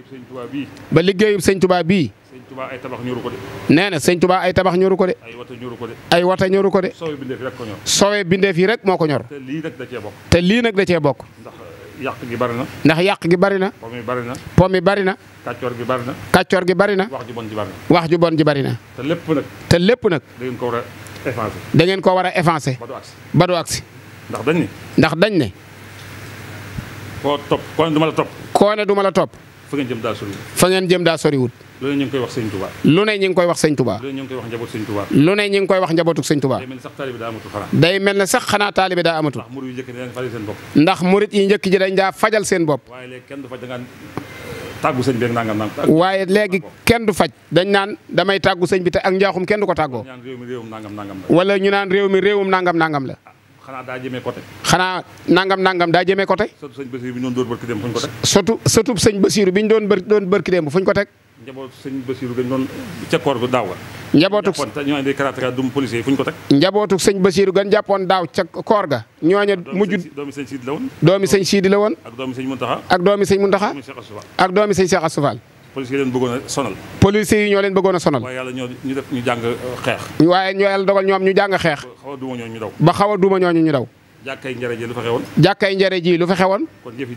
liggéeyub sëñ Touba bii. ba liggéeyub sëñ Touba bii. sëñ Touba ay tabax ñoru ko nee na sëñ Touba ay tabax ñoru ko de. ay wata ñoru ko de. ay wata ñoru ko de. soowee bindeef yi rek ko ñor. soowee rek moo ko ñor. te lii nag da cee bokk. te lii nag da cee bokk. ndax yàq gi bari na. ndax yàq gi bari na. pom yi bari na. pom yi bari na. kàccoor gi bari na. kàccoor gi bari na. wax ju bon ji bari wax ju bon ji bari na. te lépp nag. te lépp nag. da ko war a effacer. da ngeen war a effacer. ba du ba du agsi. ndax dañ ne. ndax dañ ne. koo topp fa ngeen jëm daa soriwut. lu ne ñu koy wax sëñ Touba. lu ne ñu ngi koy wax sëñ Touba. lu ne ñu ngi koy wax njabootu sëñ Touba. lu ne ñu ngi koy wax njabootu sëñ Touba. day mel ne sax daa amatul xanaa. day mel ne sax xanaa taalibe daa amatul. ndax murit yi njëkk ji dañ daa fajal seen bopp. waaye léegi kenn faj kenn du faj dañ naan damay tàggu sëñ bi te ak njaaxum kenn du ko tàggoo. wala ñu naan réew mi réewum nangam nangam la xanaa daa jëmee côté. xanaa nangam nangam daa jëmee côté. sëtu sëñ Basiru bi ñu doon door bërki dem fu ñu sëñ Basiru bi ñu doon bër doon ko teg. njabootu sëñ Basiru gañ doon daaw ga. njabootu ñoo indi karatéka ko teg. njabootu sëñ Basiru gañ jàppoon daaw ca koor ga. ñooña mujj doomi sëñ Siidi la woon. doomi sëñ Siidi la woon. ak doomi sëñ Muntaxa. ak doomi police yi leen bëggoon a sonal. police yi ñoo leen bëggoon a sonal. waaye yàlla ñoo ñu def ñu jàng xeex. waaye ñoo yàlla dogal ñoom ñu jàng xeex. ba xaw a duuma ñooñu ñu ba xaw a duuma ñooñu ñu daw. jàkkaay njare ji lu fa xewoon. jàkkaay njare kon yëf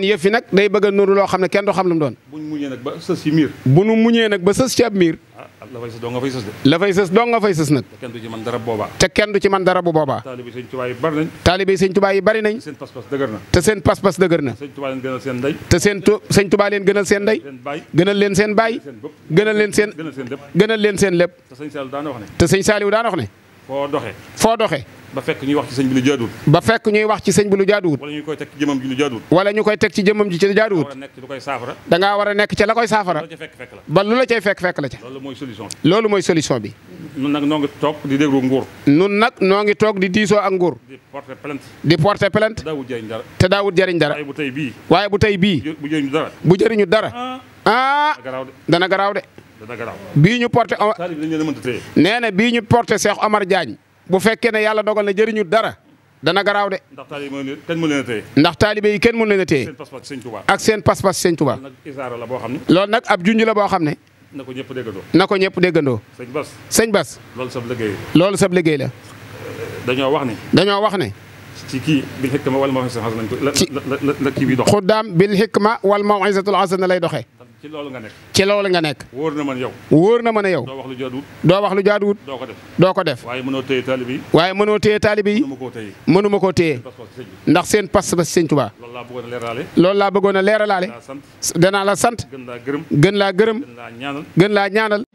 yi day nag day bëgg a nuru loo xam ne kenn du xam lu mu doon. bu ñu muñee nag ba sës ci miir. bu nu muñee nag ba sës ci miir. Ah, la fay sës doo nga fay sës de. la fay sës doo nga fay sës nag. te kenn du ci man dara boobaa. te kenn du ci man dara bu boobaa. taalibe sëñ Tuubaa yi bari nañ. taalibe sëñ Tuubaa yi bari nañ. te seen pas te seen pas-pas dëgër na. leen gënal seen te seen tu sëñ Tuubaa leen gënal seen ndey. gënal leen seen baay. gënal leen seen gënal leen foo doxe foo doxe ba fekk ñuy wax ci sëñ bi lu jaaduwut ba fekk ñuy wax ci sëñ bi lu jaaduwut wala ñu koy teg ci jëmam ji lu jaaduwut wala ñu koy teg ci jëmam ji ci lu jaaduwut da ngaa war a nekk ca la koy saafara ba lu la cay fekk fekk la ca loolu mooy solution bi loolu mooy bi nun nag noo ngi toog di déglu nguur nun nag noo ngi toog di diisoo ak nguur di porter plainte di porter plainte daawut jëriñ dara te daawut jëriñ dara waaye bu tey bii waaye bu tey bii bu jëriñu dara bu jëriñu dara ah, ah. dana garaaw de dana garaaw bii ñu porté. nee na bii ñu porté Cheikh Omar Diagne bu fekkee ne yàlla dogal na jëriñu dara dana garaaw de. ndax taalibe yi kenn mën leen a téye. ndax taalibe yi kenn mën leen a téye. ak seen pas-pas sëñ Tuubaa. loolu nag ab junj la boo xam ne. na ko ñëpp déggandoo. na ko ñëpp déggandoo. sëñ Bas. sëñ Bas. loolu sab liggéey la. loolu liggéey la. dañoo wax ne. dañoo wax ne. ci kii bil hikma wal maw'izatul hasana lañ ko la la wal maw'izatul lay doxee. ci loolu nga nekk. ci loolu nga nekk. wóor na ma yow. wóor na ma ne yow. doo wax lu jaaduwut. doo wax lu jaaduwut. doo ko def doo ko def. waaye mënoo téye taalibe yi. waaye mënoo téye taalibe yi. mënuma koo téye. mënuma koo téye ndax seen pas ba sëñ Tuubaa. loolu laa bëggoon a leeralaale. loolu laa bëggoon a leeralaale. danaa la sant. gën laa gërëm. gën laa ñaanal.